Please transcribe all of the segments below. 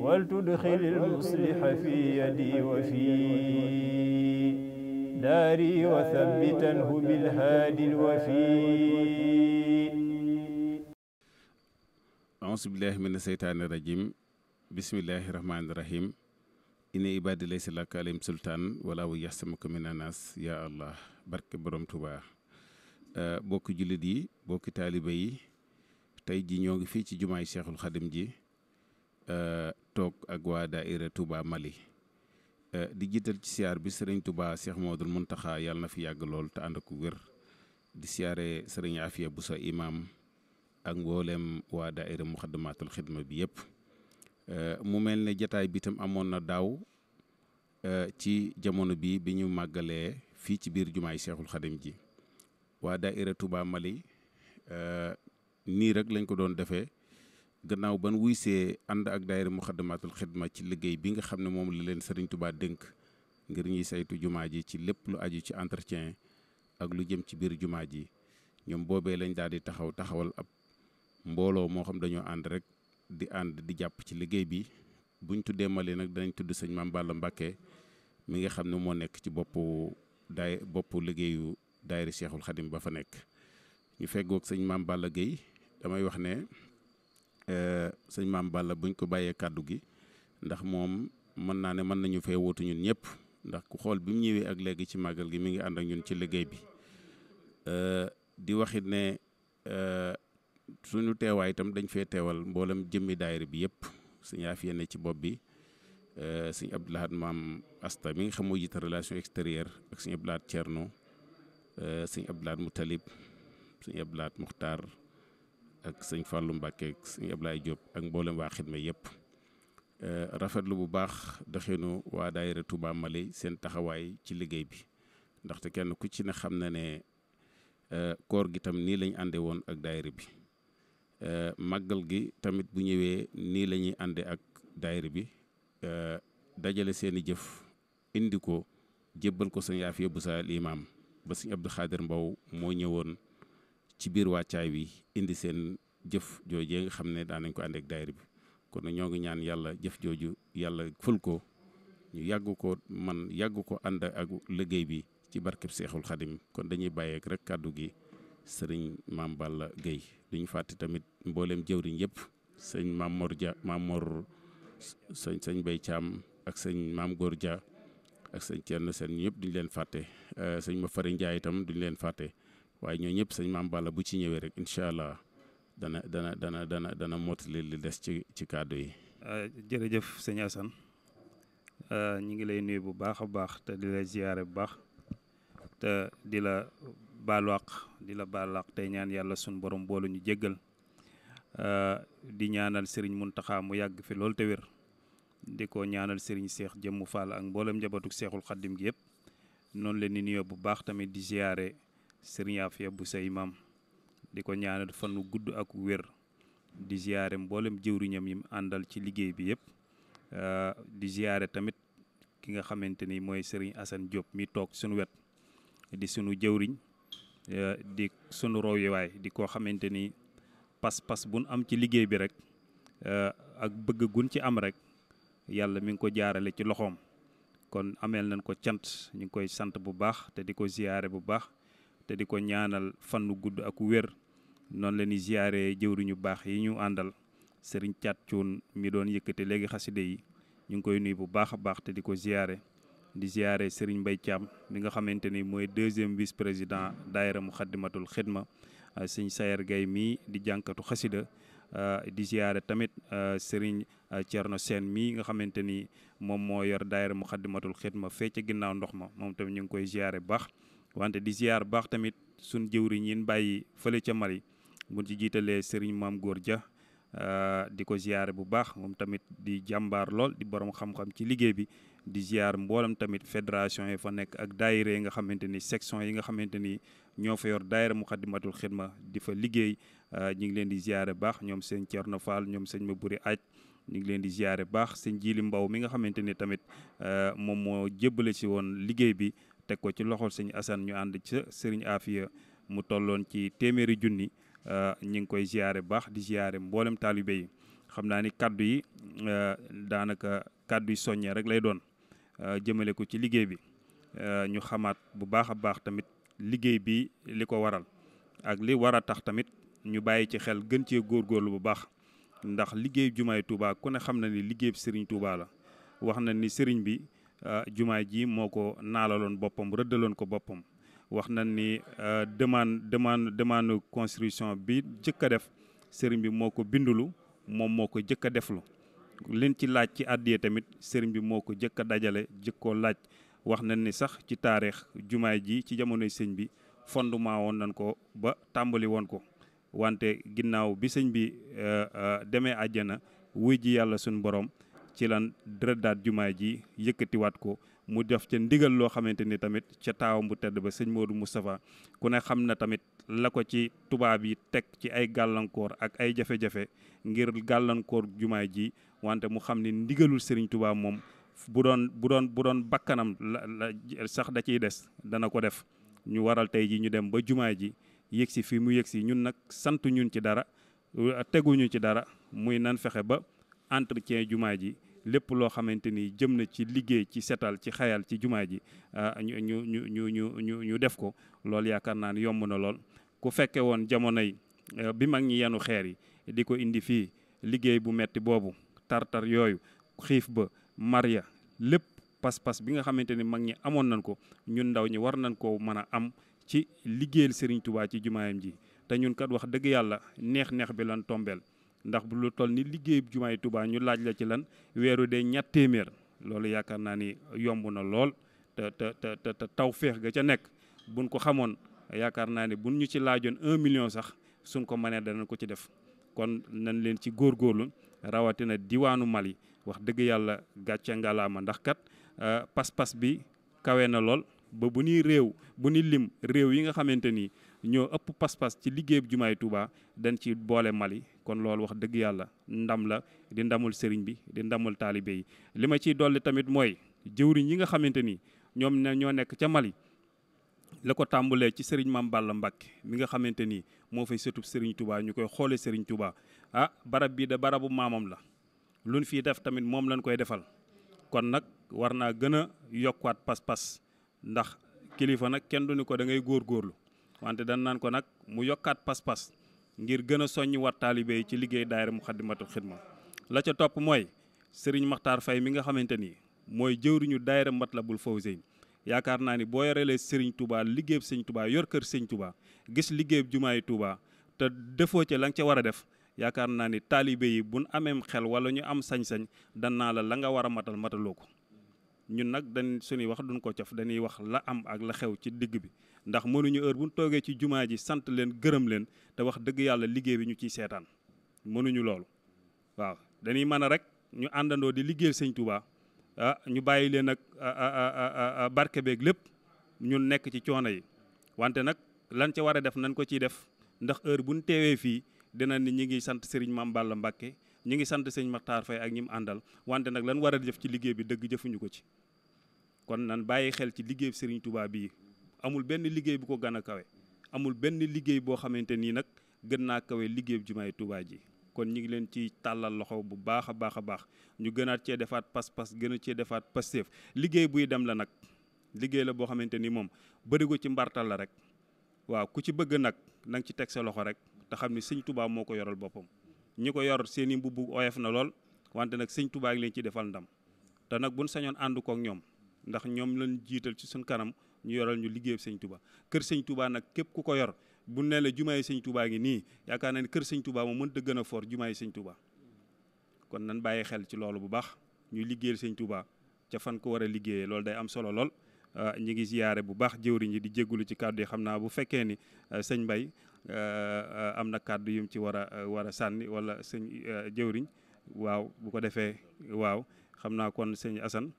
ولتدخل المصلح في يدي وفي داري وثبتنه بالهادي الوفي أعوذ بالله من الشيطان الرجيم بسم الله الرحمن الرحيم إن عبادي ليس لك عليهم سلطان ولا يحسمك من الناس يا الله barke borom Tuubaa bokki jullit yi bokki taalibe yi tey ji ñoo ngi fii ci jumaay Cheikhul Xadim ji Euh, toog ak waa daaira Touba Mali euh, di jiital ci siyaar bi sëriñ Touba Cheikh Modou Mountakha yàlla na fi yàgg lool te ànd ak wér di siyaare sëriñ bu Bousso imam ak mboolem waa daaira Muxaddamatul Xidma bi yépp euh, mu mel ni jataay bi tam amoon na daaw ci jamono bi bi ñu màggalee fii ci biir jumaay Cheikhul Xadim ji waa daaira Touba Mali nii rek lañ ko doon defee gannaaw ban wuy see ànd ak daayira muxaddamatul xidma ci liggéey bi nga xam ne moom la leen sëriñ tubaa dënk ngir ñuy saytu jumaa ji ci lépp lu aju ci entretien ak lu jëm ci biir jumaa ji ñoom boobee lañ daal di taxaw taxawal ab mbooloo moo xam dañoo ànd rek di ànd di jàpp ci liggéey bi buñ tuddee Mali nag danañ tudd sëñ Maam Balla Mbàkke mi nga xam ne moo nekk ci boppu daay boppu liggéeyu daayira Seexul Xadim ba fa nekk ñu feggoog sëñ Maam Balla damay wax ne Euh, sëñ maam Balla buñ ko bàyyee kàddu gi ndax moom mën naa ne mën nañu fee wootu ñun ñëpp ndax ku xool bi mu ñëwee ak léegi ci màggal gi mi ngi ànd ak ñun ci liggéey bi euh, di waxit ne euh, suñu teewaay itam dañ fee teewal mboolem jëmmi daayira bi yëpp suñu yaa ne ci bopp bi suñ Abdou Lahad maam asta mi ngi xam moo jiite relation extérieure ak suñu Abdou Lahad Thierno suñu Abdou Lahad Moutalib suñu Abdou Lahad Muxtaar ak sëñ fàllu Mbacke ak sëñ Ablaye Diop ak mboolem waa xidma yëpp euh, rafetlu bu baax doxinu waa daayira Touba male seen taxawaay ci liggéey bi ndaxte kenn ku ci ne xam na ne euh, koor gi tam nii lañ àndee woon ak daayira bi euh, màggal gi tamit bu ñëwee nii la ñuy ànde ak daayira bi dajale seeni jëf indi ko jébbal ko sëñ Yaafiya bu sa limaam ba sëñ Abdou Khadir Mbow moo ñëwoon ci biir wàccaay wi indi seen jëf joojee nga xam ne daan nañ ko ànd ak bi kon ñoo ngi ñaan yàlla jëf jooju yàlla ful ko ñu yàgg ko man yàgg ko ànd ak liggéey bi ci barkeb Seexul Xadim kon dañuy bàyyeek rek kàddu gi sëriñ Maam Balla Guèye duñu fàtte tamit mboolem jëwriñ yëpp sëñ Maam Mor Dia Maam Mor sëñ sëñ Bay Caam ak sëñ Maam Góor Dia ak sëñ Thierno Sène ñëpp duñ leen fàtte euh, sëñ ma fari Njaay itam duñ leen fàtte waaye ñoo ñëpp sëñ maam Balla bu ci ñëwee rek incha allah dana dana dana dana dana mottali li des ci ci kàddu yi. Ah, jërëjëf sëñ Assane ah, ñu ngi lay nuyu bu baax a baax te di la ziyaare bu baax te di la baalu àq di la baalu tey ñaan yàlla sunu borom boolu ñu jéggal ah, di ñaanal Serigne Mountakha mu yàgg fi loolu te wér di ko ñaanal Serigne jëm mu Fall ak mboolem njabootu Cheikhul Khadim gi yëpp noonu leen ni nuyoo bu baax tamit di ziyaare. Serigne Afia bu say maam di ko ñaanal fan gudd ak wér di ziare mboolem jëwriñam yi mu àndal ci liggéey bi yëpp euh, di ziare tamit ki nga xamante ni mooy Serigne Assane Diop mi toog sunu wet di sunu jëwriñ euh, di sunu royuwaay di ko xamante ni pas-pas bun am ci liggéey bi rek euh, ak bëgg gun ci am rek yàlla mi ngi ko jaarale ci loxoom kon ameel nañ ko cant ñu ngi koy sant bu baax te di ko ziare bu baax. te di ko ñaanal fannu gudd ak wér noonu la ñuy du ñu baax yi ñu àndal sëriñ caat Thioune mi doon yëkkate léegi xaside yi ñu ngi koy nuyu bu baax a baax te di ko ziyaare di ziyaare sëriñ mbay Thiam mi nga xamante ni mooy deuxième vice président daayira mu xaddimatul xidma ah, sëñ Sayer Gaye mii di jànkatu xasida ah, di ziyaare tamit ah, sëriñ Thierno Sène mii nga xamante ni moom moo yor daayira mu xaddimatul xidma fee ca ginnaaw ndox ma moom tamit ñu ngi koy ziyaare baax wante di ziar baax tamit suñ jëwriñ yin bàyyi fële ca Mali buñ ci jiitalee sëriñ maam góor ja euh, di ko ziare bu baax moom tamit di jàmbaar lool borom xam ci liggéey bi di ziar mboolam tamit fédération yi fa nekk ak daayira yi nga xamante ni section yi nga xamante ni ñoo fa yor daayira Muxaddamatul Xidma di fa liggéey euh, ñu ngi leen di ziare baax ñoom sëñ Thierno Fall ñoom sëñ ma buri aj ñu ngi leen di ziare baax sëñ Jili Mbaw mi nga xamante ni tamit euh, moom moo jébbale si woon liggéey bi teg ko ci loxol sëñ Assane ñu ànd ca sëriñ Afia mu tolloon ci téeméeri junni euh, ñi ngi koy ziare baax di ziare mboolem taalibe yi xam naa ni kàddu yi euh, daanaka kàddu yi soññee rek lay doon euh, jëmale ko ci liggéey bi ñu xamaat bu baax a baax tamit liggéey bi li ko waral ak li war a tax tamit ñu bàyyi ci xel gën cee góor góorlu bu baax ndax liggéey jumaay Touba ku ne xam na ni liggéey Serigne Touba la wax na ni Serigne bi. Euh, jumaa ji moo ko naalaloon boppam rëddaloon ko boppam wax nañ ni euh, demande demande demande construction bi jëkk a def sëriñ bi moo ko bindulu moom moo ko jëkk a deflu lin ci laaj ci àddiya tamit sëriñ bi moo ko jëkk a dajale jëkk laaj wax nañ ni sax ci taarix jumaay ji ci jamonoy sëñ bi fondement woon nañ ko ba tàmbali woon ko wante ginnaaw bi sëñ bi euh, demee àjjana wuy ji yàlla suñu borom ci lan dërëdaat jumaa ji yëkkatiwaat ko mu def ca ndigal loo xamante ni tamit ca taawam bu tedd ba sëñ Modou Moustapha ku ne xam na tamit la ko ci tubaab yi teg ci ay gàllankoor ak ay jafe-jafe ngir gàllankoor jumaa ji wante mu xam ne ndigalul sëriñ tubaab moom bu doon bu doon bu bakkanam la sax da ciy des dana ko def ñu waral tey ji ñu dem ba jumaa ji yëg si fii mu yëg si ñun nag sant ñun ci dara teguñu ci dara muy nan fexe ba entretien jumaa ji lépp loo xamante ni jëm na ci liggéey ci setal ci xayal ci jumaa ji ah, ñu ñu ñu ñu ñu ñu ñu def ko loolu yaakaar naa ne yomb na lool ku fekke woon jamono yi eh, bi mag ñi yenu xeer yi di ko indi fii liggéey bu metti boobu tartar yooyu xiif ba mariya lépp pas-pas bi nga xamante ni mag ñi amoon nañ ko ñun ndaw ñi war nañ koo mën a am ci liggéeyal Serigne Touba ci jumaayam ji te ñun kat wax dëgg yàlla neex-neex bi lan tombeel ndax bu lu toll ni liggéey jumaay Touba ñu laaj la ci lan weeru dee ñett loolu yaakaar naa ni yomb na lool te te te te taw féex ga ca nekk buñ ko xamoon yaakaar naa ne buñ ñu ci laajoon un million sax suñ ko mënee danañ ko ci def kon nañ leen ci góorgóorlu rawatina diwaanu Mali wax dëgg yàlla gàcce ngalaama ndax kat euh, pas-pas bi kawe na lool ba bu ñuy réew bu ñuy lim réew yi nga xamante ni. ñoo ëpp pas-pas ci liggéey bu jumaay Touba dañ ci boole Mali kon loolu wax dëgg yàlla ndam la di ndamul sëriñ bi di ndamul taalibe yi li ma ciy dolli tamit mooy jëwriñ yi nga xamante ni ñoom ne nekk ca Mali la ko tàmbalee ci sëriñ Mame Balla Mbacke mi nga xamante ni moo fay sëtub sëriñ Touba ñu koy xoolee sëriñ Touba ah barab bii de barabu maamam la luñ fii def tamit moom lañ koy defal kon nag war naa gën a yokkuwaat pas-pas ndax kilifa nag kenn du ni ko da ngay góorlu wante dan naan ko nag mu yokkaat pas-pas ngir gën a soññ wat taalibe yi ci liggéey mu daayira Muxaddamatul ma la ca topp mooy Serigne Makhtar fay mi nga xamante ni mooy jëwriñu daayira Matlabul Fawzeyni yaakaar naa ni boo yorelee Serigne Touba liggéeyub Serigne Touba yor kër sëñ Touba gis liggéeyub jumaayu Touba te defoo ca la nga ca war a def yaakaar naa ni taalibe yi bu ameem xel wala ñu am sañ-sañ dan naa la la nga war a matal mataloo ko ñun nag dañ suñuy wax duñ ko cof dañuy wax la am ak la xew ci digg bi ndax mënuñu heure bu ñu toogee ci jumaa ji sant leen gërëm leen te wax dëgg yàlla liggéey bi ñu ciy seetaan mënuñu loolu waaw dañuy mën a rek ñu àndandoo di liggéey sëñ Touba ah ñu bàyyi leen ak barke beeg lépp ñun nekk ci coono yi wante nag lan ca war a def nañ ko ciy def ndax heure bu ñu teewee fii dina ni ñi ngi sant Serigne Mame Balla Mbacke ñu ngi sant sëñ Makhtar Faye ak ñi mu àndal wante nag lan war a jëf ci liggéey bi dëgg jëfuñu ko ci kon nan bàyyi xel ci liggéey Serigne Touba yi amul benn liggéey bu ko gën a kawe amul benn liggéey boo xamante nii nag gën naa kawe liggéey bu jumaay Touba ji kon ñu ngi leen ci tàllal loxo bu baax a baax a baax ñu gënaat cee defaat pas-pas gën a cee defaat pasteef liggéey buy dem la nag liggéey la boo xamante ni moom bëri ko ci mbartal la rek waaw ku ci bëgg nag na ci teg sa loxo rek xam ni sëñ Touba moo ko yoral boppam ñi ko yor seen i mbubb oyof na lool wante nag sëñ Tuubaa ngi leen ci defal ndam te nag buñ sañoon ànd kook ñoom ndax ñoom lañ jiital ci suñ kanam ñu yoral ñu liggéey sëñ Tuubaa kër sëñ Tuubaa nag képp ku ko yor bu ne la jumaay sëñ Tuubaa ngi nii yaakaar na ne kër sëñ Tuubaa moom mën da gën a foor jumaay sëñ Tuubaa kon nan bàyyi xel ci loolu bu baax ñuy liggéeyal sëñ Tuubaa ca fan ko war a liggéeyee loolu day am solo lool Euh, ñi ngi ziyaare bu baax jëwriñ yi di jéggulu ci kàddu yi xam naa bu fekkee ni euh, sëñ Mbay euh, am na kàddu yum ci war a war a sànni walla sëñ jëwriñ waaw bu ko defee waaw xam naa kon sëñ Asan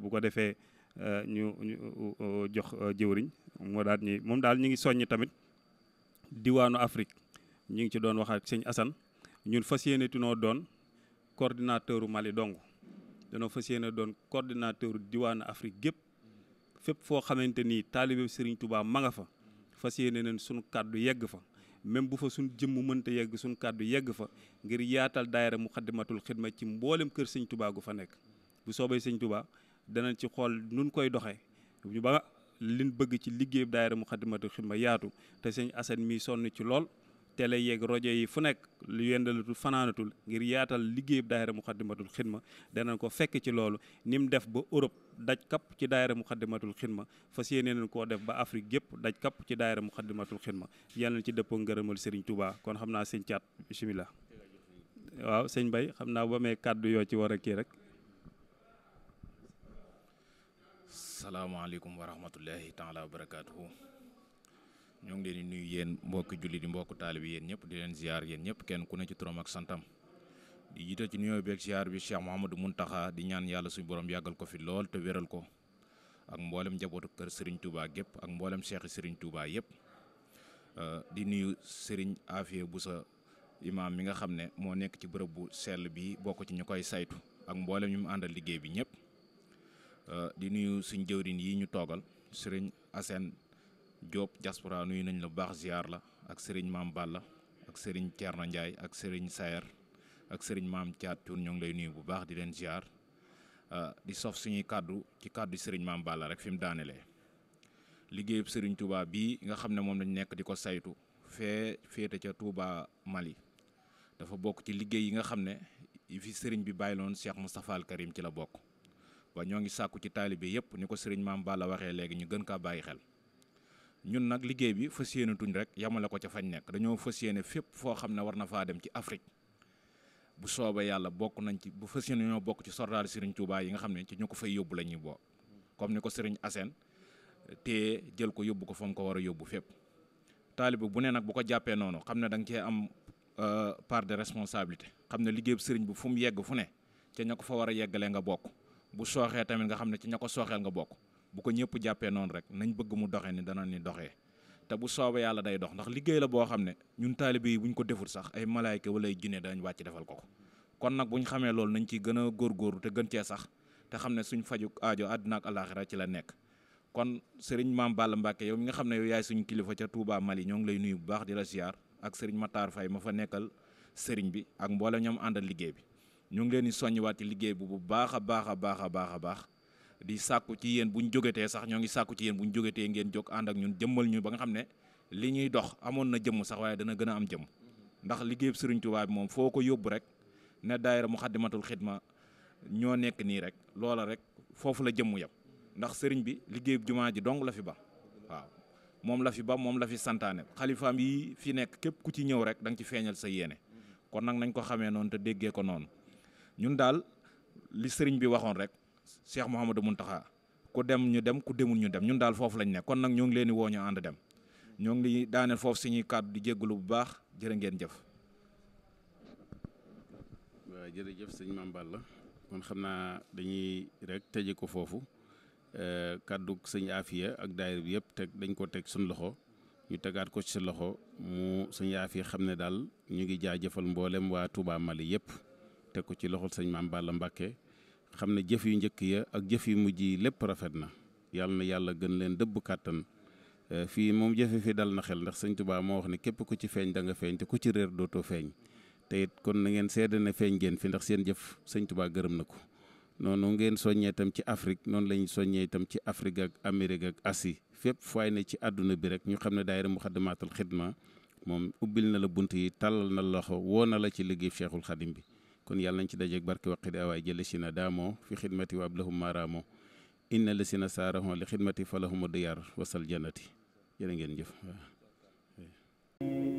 bu ko defee ñu ñu jox jëwriñ moo daal moom daal ñu ngi soññ tamit diwaanu Afrique ñu ngi ci doon waxaat ak sëñ Asan ñun fas yéene tunoo doon coordinateur Mali dong danoo fas yéene doon coordinateur diwaanu Afrique gépp fépp foo xamante ni taalibe Serigne Touba ma nga fa fas yéene neen sunu kàddu yegg fa même bu fa suñ jëmm mënta yegg suñ kàddu yegg fa ngir yaatal daayira Muxaddamatul Xidma ci mboolem kër sëñ tubaa gu fa nekk bu soobee sëñ tubaa danañ ci xool nun koy doxee ñu ba liñ bëgg ci liggéey daayira Muxaddamatul Xidma yaatu te sëñ Assane mii sonn ci lool télé yeeg rajo yi fu nekk lu yendalatul fanaanatul ngir yaatal liggéey daayira muxaddamatul xidma danañ ko fekk ci loolu ni mu def ba Europe daj kapp ci daayira muxaddamatul xidma fas yéene nañ koo def ba Afrique gépp daj kapp ci daayira muxaddamatul xidma yàlla na ci dëppoo ngërëmal Serigne tubaa kon xam naa sëñ caat bisimilah. waaw sëñ Bay xam naa ba mee kàddu yoo ci war a kii rek. salaamaaleykum wa rahmatullahi taala wa barakaatuhu ñoo ngi leen di nuyu yéen mbokki jullit yi mbokk taalibi yéen ñëpp di leen ziar yéen ñëpp kenn ku ne ci turam ak santam di jiital ci nuyoo beeg ziar bi Cheikh mun Mountakha di ñaan yàlla suñu borom yàggal ko fi lool te wéral ko ak mboolem njabootu kër Serigne Touba gépp ak mboolem Cheikh Serigne Touba yëpp euh, di nuyu Serigne Afia Boussa imaam mi nga xam ne moo nekk ci bërëb bu sell bi bokk ci ñu koy saytu ak mboolem ñu mu liggéey bi ñëpp euh, di nuyu suñ jëwriñ yi ñu toogal Serigne Assane Diop diaspora nuyu nañ la bu baax ziar la ak sëriñ maam baal la ak sëriñ Thierno Ndiaye ak sëriñ Sayer ak sëriñ maam Thiat Thioune ñoo ngi lay nuyu bu baax di leen ziar ah, di sof suñuy kàddu ci kàddu sëriñ maam Balla rek fi mu daanelee. sëriñ Touba bii nga xam ne moom lañ nekk di ko saytu fee féete ca Touba Mali dafa bokk ci liggéey yi nga xam ne yi fi sëriñ bi bàyyiloon loon Moustapha Al Karim ci la bokk ba ñoo ngi sàkku ci taalibe yépp ni ko sëriñ maam waxee léegi ñu gën kaa bàyyi xel. ñun nag liggéey bi fas yéene tuñ rek yamale ko ca fañ nekk dañoo fës yéene fépp foo xam ne war na faa dem ci Afrique bu soobee yàlla bokk nañ ci bu fës yéene ñoo bokk ci sordaal Serigne Touba yi nga xam ne ci ñu ko fay yóbbu boo comme ni ko Serigne Assène eh, te jël ko yóbbu ko fa mu ko war a yóbbu fépp. taalibe bu ne nag bu ko jàppee noonu xam ne da nga cee am eh, part de responsabilité xam ne liggéey Serigne bi fu mu yegg fu ne ca ña ko fa war a yeggalee nga bokk bu sooxee tamit nga xam ne ci ña ko sooxeel nga bokk. bu ko ñëpp jàppee noonu rek nañ bëgg mu doxee ni dana ni doxee te bu soobee yàlla day dox ndax liggéey la boo xam ne ñun taalibe yi bu ñu ko deful sax ay malaayka wala ay jinne dañ wàcc defal ko ko kon nag bu ñu xamee loolu nañ ciy gën a góorgóorlu te gën cee sax te xam ne suñ faju aajo àddina ak alaaxira ci la nekk kon sëriñ maam Balla Mbacke yow mi nga xam ne yow yaay suñu kilifa ca Touba Mali ñoo ngi lay nuyu bu baax di la ziar ak sëriñ Matar Faye ma fa nekkal sëriñ bi ak mboolem ñoom àndal liggéey bi ñu ngi leen di soññiwaat ci liggéey bu bu baax a baax baax a a baax di sàkku ci yéen bu ñu jógetee sax ñoo ngi sàkku ci yéen bu ñu jógetee ngeen jóg ànd ak ñun jëmmal ñu ba nga xam ne li ñuy dox amoon na jëmm sax waaye dana gën am jëmm ndax liggéeyub Serigne Touba bi moom foo ko yóbbu rek ne daayira Muxaddamatul Xidma ñoo nekk nii rek loola rek foofu la jëmm yam ndax sëriñ bi liggéeyub jumaa ji dong la fi ba waaw moom la fi ba moom la fi santaane xalifaam yi fi nekk képp ku ci ñëw rek da nga ci feeñal sa yéene kon nag nañ ko xamee noonu te déggee ko noonu ñun daal li sëriñ bi waxoon rek Cheikh Mouhamadou Mountakha ku dem ñu dem ku demul ñu dem ñun daal foofu lañ ne kon nag ñoo ngi leen di woo ñu ànd dem ñoo ngi li daaneel foofu suñuy kàddu di bu baax jërë ngeen jëf. jërëjëf sëñ Mame Balla xam naa dañuy rek tëje ko foofu euh, kàddu sëñ Afia ak daayir bi yëpp teg dañ ko teg suñ loxo. ñu tegaat ko ci sa loxo mu sëñ Yaafi xam ne daal ñu ngi jaajëfal mboolem waa Touba Mali yëpp teg ko ci loxol sëñ Maam Balla Mbàkke xam ne jëf yu njëkk ya ak jëf yu mujj yi lépp rafet na yàlla na yàlla gën leen dëbb kàttan eh, fii moom jëfe fi dal na xel ndax sëñ Tuubaa moo wax ne képp ku ci feeñ danga nga feeñ te ci réer dootoo feeñ te it kon na ngeen seede ne feeñ ngeen fi ndax seen jëf sëñtubaa gërëm na ko noonu ngeen soññee itam ci Afrique noonu lañu soññee itam ci Afrique ak Amérique ak Asie fépp fooy ne ci àdduna bi rek ñu xam ne daayira Muxaddamaatul Xidma moom ubbil na la bunt yi tàllal na loxo woo na la ci liggéey Cheikhul Xadim bi kon yàlla nañ ci dajeeg barke waqidi awaay jële si na daamoo fi xidmati wa ablahum maaraamoo inna la si na saarahon li xidmati falahuma diyaar wasal jannati jërë ngeen jëf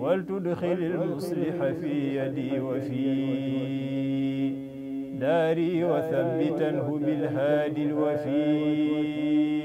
wal tudxil al musliha fi yadi wa fi daari wa thabbitanhu bil haadi al wafi